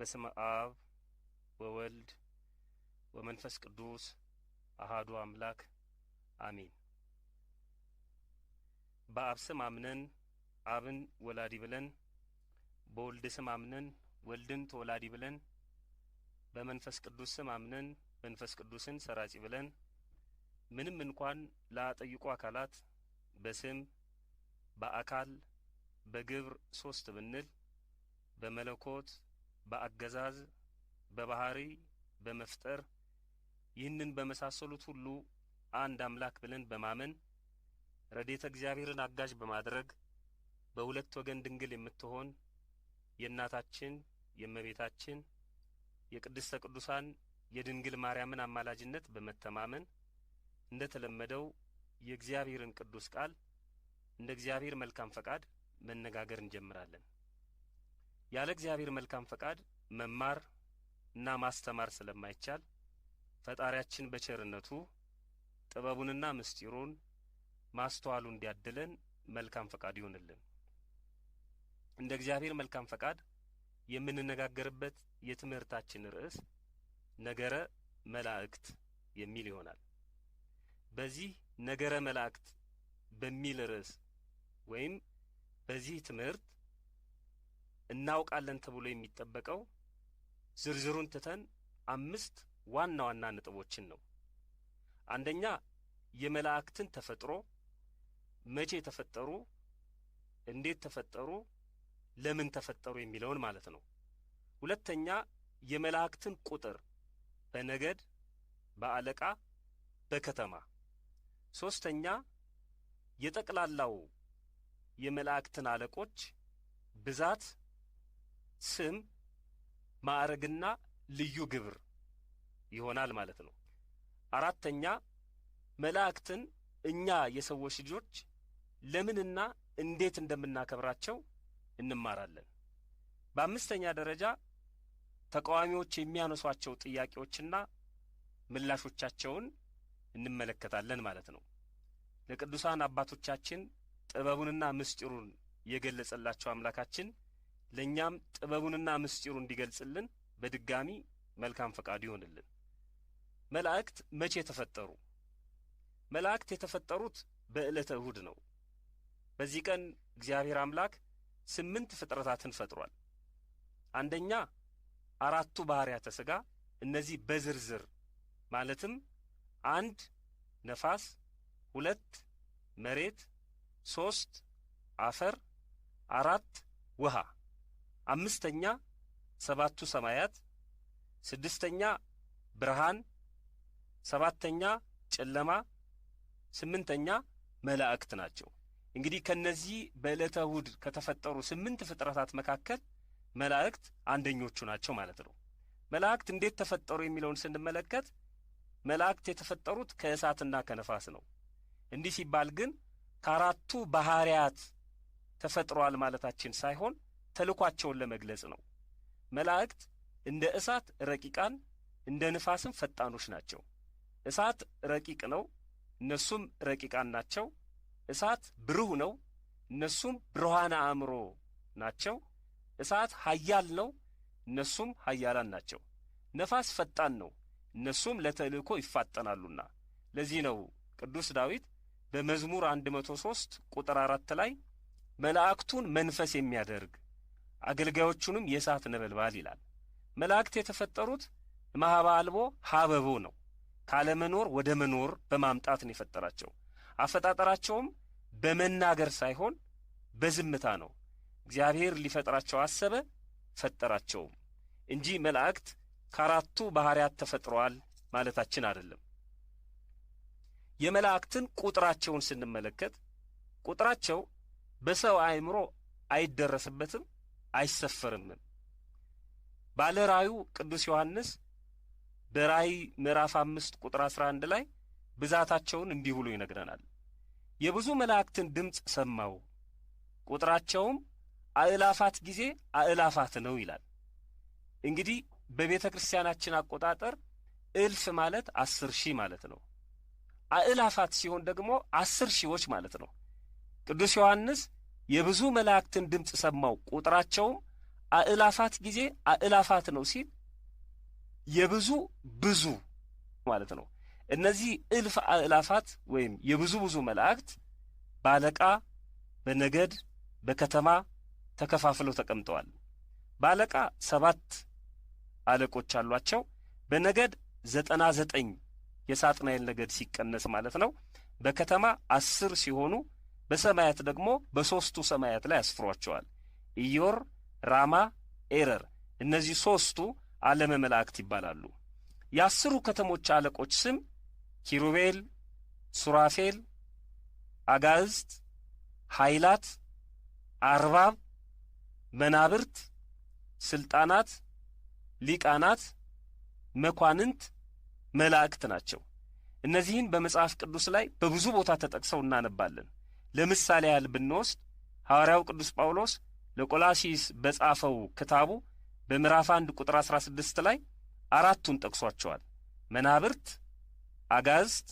በስመ አብ ወወልድ ወመንፈስ ቅዱስ አሃዱ አምላክ አሜን። በአብ ስም አምነን አብን ወላዲ ብለን በወልድ ስም አምነን ወልድን ተወላዲ ብለን በመንፈስ ቅዱስ ስም አምነን መንፈስ ቅዱስን ሰራጺ ብለን ምንም እንኳን ላጠይቁ አካላት በስም በአካል በግብር ሶስት ብንል በመለኮት በአገዛዝ በባህሪ በመፍጠር ይህንን በመሳሰሉት ሁሉ አንድ አምላክ ብለን በማመን ረዴተ እግዚአብሔርን አጋዥ በማድረግ በሁለት ወገን ድንግል የምትሆን የእናታችን የእመቤታችን የቅድስተ ቅዱሳን የድንግል ማርያምን አማላጅነት በመተማመን እንደ ተለመደው የእግዚአብሔርን ቅዱስ ቃል እንደ እግዚአብሔር መልካም ፈቃድ መነጋገር እንጀምራለን። ያለ እግዚአብሔር መልካም ፈቃድ መማር እና ማስተማር ስለማይቻል ፈጣሪያችን በቸርነቱ ጥበቡንና ምስጢሩን ማስተዋሉ እንዲያድለን መልካም ፈቃድ ይሆንልን። እንደ እግዚአብሔር መልካም ፈቃድ የምንነጋገርበት የትምህርታችን ርዕስ ነገረ መላእክት የሚል ይሆናል። በዚህ ነገረ መላእክት በሚል ርዕስ ወይም በዚህ ትምህርት እናውቃለን ተብሎ የሚጠበቀው ዝርዝሩን ትተን አምስት ዋና ዋና ነጥቦችን ነው። አንደኛ የመላእክትን ተፈጥሮ፣ መቼ ተፈጠሩ፣ እንዴት ተፈጠሩ፣ ለምን ተፈጠሩ የሚለውን ማለት ነው። ሁለተኛ የመላእክትን ቁጥር በነገድ፣ በአለቃ፣ በከተማ። ሶስተኛ የጠቅላላው የመላእክትን አለቆች ብዛት ስም ማዕረግና ልዩ ግብር ይሆናል ማለት ነው። አራተኛ መላእክትን እኛ የሰዎች ልጆች ለምንና እንዴት እንደምናከብራቸው እንማራለን። በአምስተኛ ደረጃ ተቃዋሚዎች የሚያነሷቸው ጥያቄዎችና ምላሾቻቸውን እንመለከታለን ማለት ነው። ለቅዱሳን አባቶቻችን ጥበቡንና ምስጢሩን የገለጸላቸው አምላካችን ለእኛም ጥበቡንና ምስጢሩ እንዲገልጽልን በድጋሚ መልካም ፈቃዱ ይሆንልን። መላእክት መቼ ተፈጠሩ? መላእክት የተፈጠሩት በዕለተ እሁድ ነው። በዚህ ቀን እግዚአብሔር አምላክ ስምንት ፍጥረታትን ፈጥሯል። አንደኛ አራቱ ባሕርያተ ሥጋ፣ እነዚህ በዝርዝር ማለትም አንድ ነፋስ፣ ሁለት መሬት፣ ሦስት አፈር፣ አራት ውሃ አምስተኛ ሰባቱ ሰማያት፣ ስድስተኛ ብርሃን፣ ሰባተኛ ጨለማ፣ ስምንተኛ መላእክት ናቸው። እንግዲህ ከነዚህ በዕለተ እሁድ ከተፈጠሩ ስምንት ፍጥረታት መካከል መላእክት አንደኞቹ ናቸው ማለት ነው። መላእክት እንዴት ተፈጠሩ የሚለውን ስንመለከት መላእክት የተፈጠሩት ከእሳትና ከነፋስ ነው። እንዲህ ሲባል ግን ከአራቱ ባህሪያት ተፈጥሯል ማለታችን ሳይሆን ተልኳቸውን ለመግለጽ ነው። መላእክት እንደ እሳት ረቂቃን እንደ ንፋስም ፈጣኖች ናቸው። እሳት ረቂቅ ነው፣ እነሱም ረቂቃን ናቸው። እሳት ብሩህ ነው፣ እነሱም ብርሃነ አእምሮ ናቸው። እሳት ኃያል ነው፣ እነሱም ኃያላን ናቸው። ነፋስ ፈጣን ነው፣ እነሱም ለተልእኮ ይፋጠናሉና። ለዚህ ነው ቅዱስ ዳዊት በመዝሙር መቶ 103 ቁጥር 4 ላይ መላእክቱን መንፈስ የሚያደርግ አገልጋዮቹንም የእሳት ነበልባል ይላል። መላእክት የተፈጠሩት ማሀባ አልቦ ሀበቦ ነው። ካለመኖር ወደ መኖር በማምጣት ነው የፈጠራቸው። አፈጣጠራቸውም በመናገር ሳይሆን በዝምታ ነው። እግዚአብሔር ሊፈጥራቸው አሰበ፣ ፈጠራቸውም እንጂ መላእክት ከአራቱ ባሕርያት ተፈጥረዋል ማለታችን አይደለም። የመላእክትን ቁጥራቸውን ስንመለከት ቁጥራቸው በሰው አእምሮ አይደረስበትም። አይሰፈርምም። ባለ ራዩ ቅዱስ ዮሐንስ በራይ ምዕራፍ አምስት ቁጥር አስራ አንድ ላይ ብዛታቸውን እንዲህ ብሎ ይነግረናል። የብዙ መላእክትን ድምፅ ሰማው ቁጥራቸውም አእላፋት ጊዜ አእላፋት ነው ይላል። እንግዲህ በቤተ ክርስቲያናችን አቆጣጠር እልፍ ማለት አስር ሺህ ማለት ነው። አእላፋት ሲሆን ደግሞ አስር ሺዎች ማለት ነው። ቅዱስ ዮሐንስ የብዙ መላእክትን ድምፅ ሰማው፣ ቁጥራቸውም አእላፋት ጊዜ አእላፋት ነው ሲል የብዙ ብዙ ማለት ነው። እነዚህ እልፍ አእላፋት ወይም የብዙ ብዙ መላእክት በአለቃ በነገድ በከተማ ተከፋፍለው ተቀምጠዋል። በአለቃ ሰባት አለቆች አሏቸው። በነገድ ዘጠና ዘጠኝ የሳጥናኤል ነገድ ሲቀነስ ማለት ነው። በከተማ አስር ሲሆኑ በሰማያት ደግሞ በሦስቱ ሰማያት ላይ አስፍሯቸዋል። ኢዮር፣ ራማ፣ ኤረር እነዚህ ሦስቱ ዓለመ መላእክት ይባላሉ። የአስሩ ከተሞች አለቆች ስም ኪሩቤል፣ ሱራፌል፣ አጋዕዝት፣ ኃይላት፣ አርባብ፣ መናብርት፣ ስልጣናት፣ ሊቃናት፣ መኳንንት፣ መላእክት ናቸው። እነዚህን በመጽሐፍ ቅዱስ ላይ በብዙ ቦታ ተጠቅሰው እናነባለን። ለምሳሌ ያህል ብንወስድ ሐዋርያው ቅዱስ ጳውሎስ ለቆላሲስ በጻፈው ክታቡ በምዕራፍ 1 ቁጥር 16 ላይ አራቱን ጠቅሷቸዋል። መናብርት፣ አጋዝት፣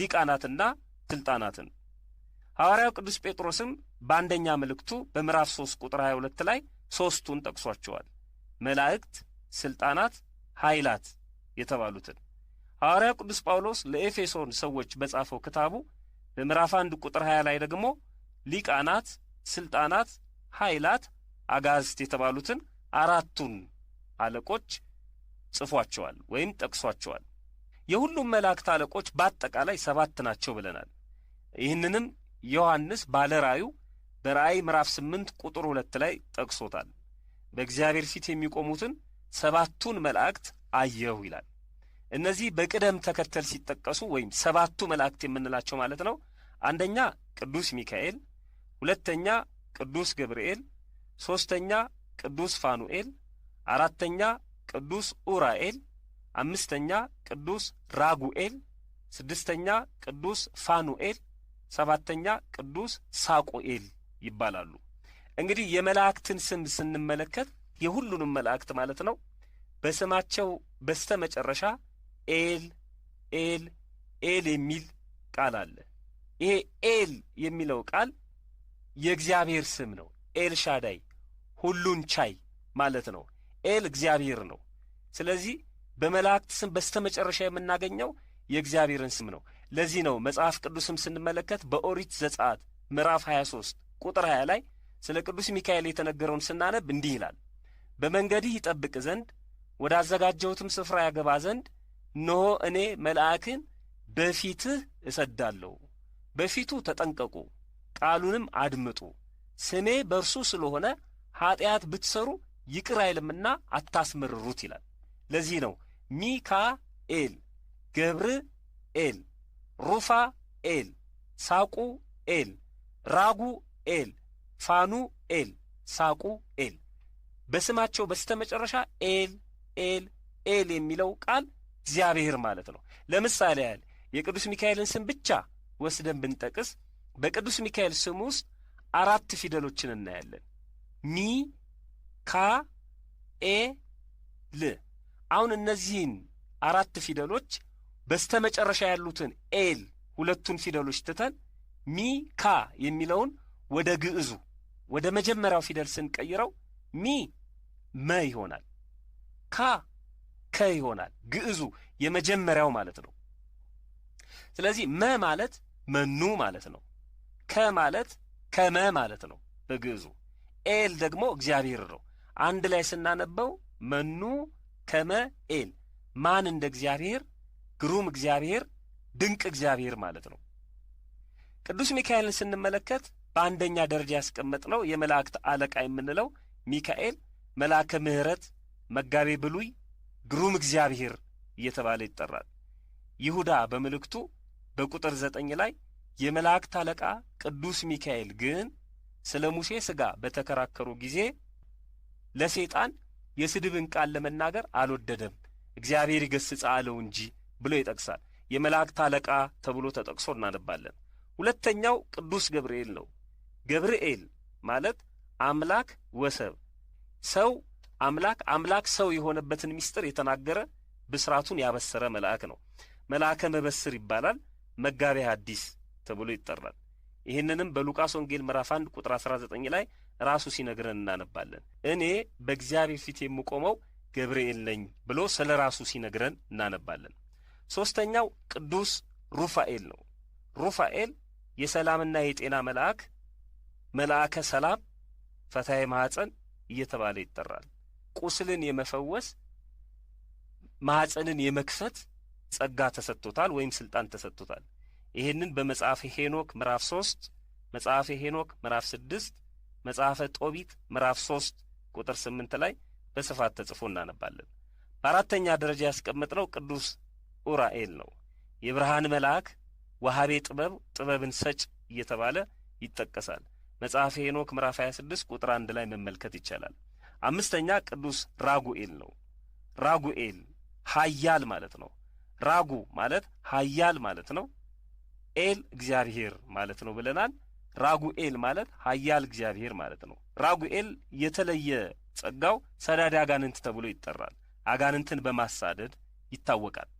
ሊቃናትና ስልጣናትን። ሐዋርያው ቅዱስ ጴጥሮስም በአንደኛ መልእክቱ በምዕራፍ 3 ቁጥር 22 ላይ ሦስቱን ጠቅሷቸዋል። መላእክት፣ ስልጣናት፣ ኃይላት የተባሉትን ሐዋርያው ቅዱስ ጳውሎስ ለኤፌሶን ሰዎች በጻፈው ክታቡ በምዕራፍ አንድ ቁጥር 20 ላይ ደግሞ ሊቃናት፣ ስልጣናት፣ ኃይላት፣ አጋዝት የተባሉትን አራቱን አለቆች ጽፏቸዋል ወይም ጠቅሷቸዋል። የሁሉም መላእክት አለቆች በአጠቃላይ ሰባት ናቸው ብለናል። ይህንንም ዮሐንስ ባለ ራእዩ በራእይ ምዕራፍ ስምንት ቁጥር ሁለት ላይ ጠቅሶታል። በእግዚአብሔር ፊት የሚቆሙትን ሰባቱን መላእክት አየሁ ይላል። እነዚህ በቅደም ተከተል ሲጠቀሱ ወይም ሰባቱ መላእክት የምንላቸው ማለት ነው። አንደኛ ቅዱስ ሚካኤል፣ ሁለተኛ ቅዱስ ገብርኤል፣ ሦስተኛ ቅዱስ ፋኑኤል፣ አራተኛ ቅዱስ ኡራኤል፣ አምስተኛ ቅዱስ ራጉኤል፣ ስድስተኛ ቅዱስ ፋኑኤል፣ ሰባተኛ ቅዱስ ሳቁኤል ይባላሉ። እንግዲህ የመላእክትን ስም ስንመለከት የሁሉንም መላእክት ማለት ነው በስማቸው በስተ መጨረሻ ኤል ኤል ኤል የሚል ቃል አለ። ይሄ ኤል የሚለው ቃል የእግዚአብሔር ስም ነው። ኤል ሻዳይ ሁሉን ቻይ ማለት ነው። ኤል እግዚአብሔር ነው። ስለዚህ በመላእክት ስም በስተመጨረሻ የምናገኘው የእግዚአብሔርን ስም ነው። ለዚህ ነው መጽሐፍ ቅዱስም ስንመለከት በኦሪት ዘጸአት ምዕራፍ 23 ቁጥር 20 ላይ ስለ ቅዱስ ሚካኤል የተነገረውን ስናነብ እንዲህ ይላል። በመንገድህ ይጠብቅ ዘንድ ወዳዘጋጀሁትም ስፍራ ያገባ ዘንድ እነሆ እኔ መልአክን በፊትህ እሰዳለሁ። በፊቱ ተጠንቀቁ፣ ቃሉንም አድምጡ። ስሜ በእርሱ ስለሆነ ኀጢአት ብትሰሩ ይቅር አይልምና አታስመርሩት ይላል። ለዚህ ነው ሚካኤል፣ ገብርኤል፣ ሩፋኤል፣ ሳቁኤል፣ ራጉኤል፣ ፋኑኤል፣ ሳቁኤል በስማቸው በስተመጨረሻ ኤል ኤል ኤል የሚለው ቃል እግዚአብሔር ማለት ነው። ለምሳሌ ያህል የቅዱስ ሚካኤልን ስም ብቻ ወስደን ብንጠቅስ በቅዱስ ሚካኤል ስም ውስጥ አራት ፊደሎችን እናያለን። ሚ ካ ኤ ል አሁን እነዚህን አራት ፊደሎች በስተመጨረሻ ያሉትን ኤል ሁለቱን ፊደሎች ትተን ሚ ካ የሚለውን ወደ ግዕዙ ወደ መጀመሪያው ፊደል ስንቀይረው ሚ መ ይሆናል። ካ ከ ይሆናል። ግዕዙ የመጀመሪያው ማለት ነው። ስለዚህ መ ማለት መኑ ማለት ነው። ከ ማለት ከመ ማለት ነው በግዕዙ። ኤል ደግሞ እግዚአብሔር ነው። አንድ ላይ ስናነበው መኑ ከመ ኤል፣ ማን እንደ እግዚአብሔር፣ ግሩም እግዚአብሔር፣ ድንቅ እግዚአብሔር ማለት ነው። ቅዱስ ሚካኤልን ስንመለከት በአንደኛ ደረጃ ያስቀመጥነው የመላእክት አለቃ የምንለው ሚካኤል መልአከ ምሕረት፣ መጋቤ ብሉይ ግሩም እግዚአብሔር እየተባለ ይጠራል። ይሁዳ በምልክቱ በቁጥር ዘጠኝ ላይ የመላእክት አለቃ ቅዱስ ሚካኤል ግን ስለ ሙሴ ሥጋ በተከራከሩ ጊዜ ለሴጣን የስድብን ቃል ለመናገር አልወደደም፣ እግዚአብሔር ይገስጽ አለው እንጂ ብሎ ይጠቅሳል። የመላእክት አለቃ ተብሎ ተጠቅሶ እናነባለን። ሁለተኛው ቅዱስ ገብርኤል ነው። ገብርኤል ማለት አምላክ ወሰብ ሰው አምላክ አምላክ ሰው የሆነበትን ምስጢር የተናገረ ብስራቱን ያበሰረ መልአክ ነው። መልአከ መበስር ይባላል። መጋቤ ሐዲስ ተብሎ ይጠራል። ይህንንም በሉቃስ ወንጌል ምዕራፍ 1 ቁጥር 19 ላይ ራሱ ሲነግረን እናነባለን። እኔ በእግዚአብሔር ፊት የምቆመው ገብርኤል ነኝ ብሎ ስለ ራሱ ሲነግረን እናነባለን። ሦስተኛው ቅዱስ ሩፋኤል ነው። ሩፋኤል የሰላምና የጤና መልአክ፣ መልአከ ሰላም፣ ፈታሔ ማኅፀን እየተባለ ይጠራል። ቁስልን የመፈወስ ማህፀንን የመክፈት ጸጋ ተሰጥቶታል ወይም ስልጣን ተሰጥቶታል። ይህንን በመጽሐፈ ሄኖክ ምዕራፍ ሶስት መጽሐፈ ሄኖክ ምዕራፍ ስድስት መጽሐፈ ጦቢት ምዕራፍ ሶስት ቁጥር ስምንት ላይ በስፋት ተጽፎ እናነባለን። በአራተኛ ደረጃ ያስቀመጥነው ቅዱስ ኡራኤል ነው። የብርሃን መልአክ ወሃቤ ጥበብ ጥበብን ሰጭ እየተባለ ይጠቀሳል። መጽሐፈ ሄኖክ ምዕራፍ 26 ቁጥር አንድ ላይ መመልከት ይቻላል። አምስተኛ ቅዱስ ራጉኤል ነው። ራጉኤል ኃያል ማለት ነው። ራጉ ማለት ኃያል ማለት ነው። ኤል እግዚአብሔር ማለት ነው ብለናል። ራጉኤል ማለት ኃያል እግዚአብሔር ማለት ነው። ራጉኤል የተለየ ጸጋው ሰዳድ አጋንንት ተብሎ ይጠራል። አጋንንትን በማሳደድ ይታወቃል።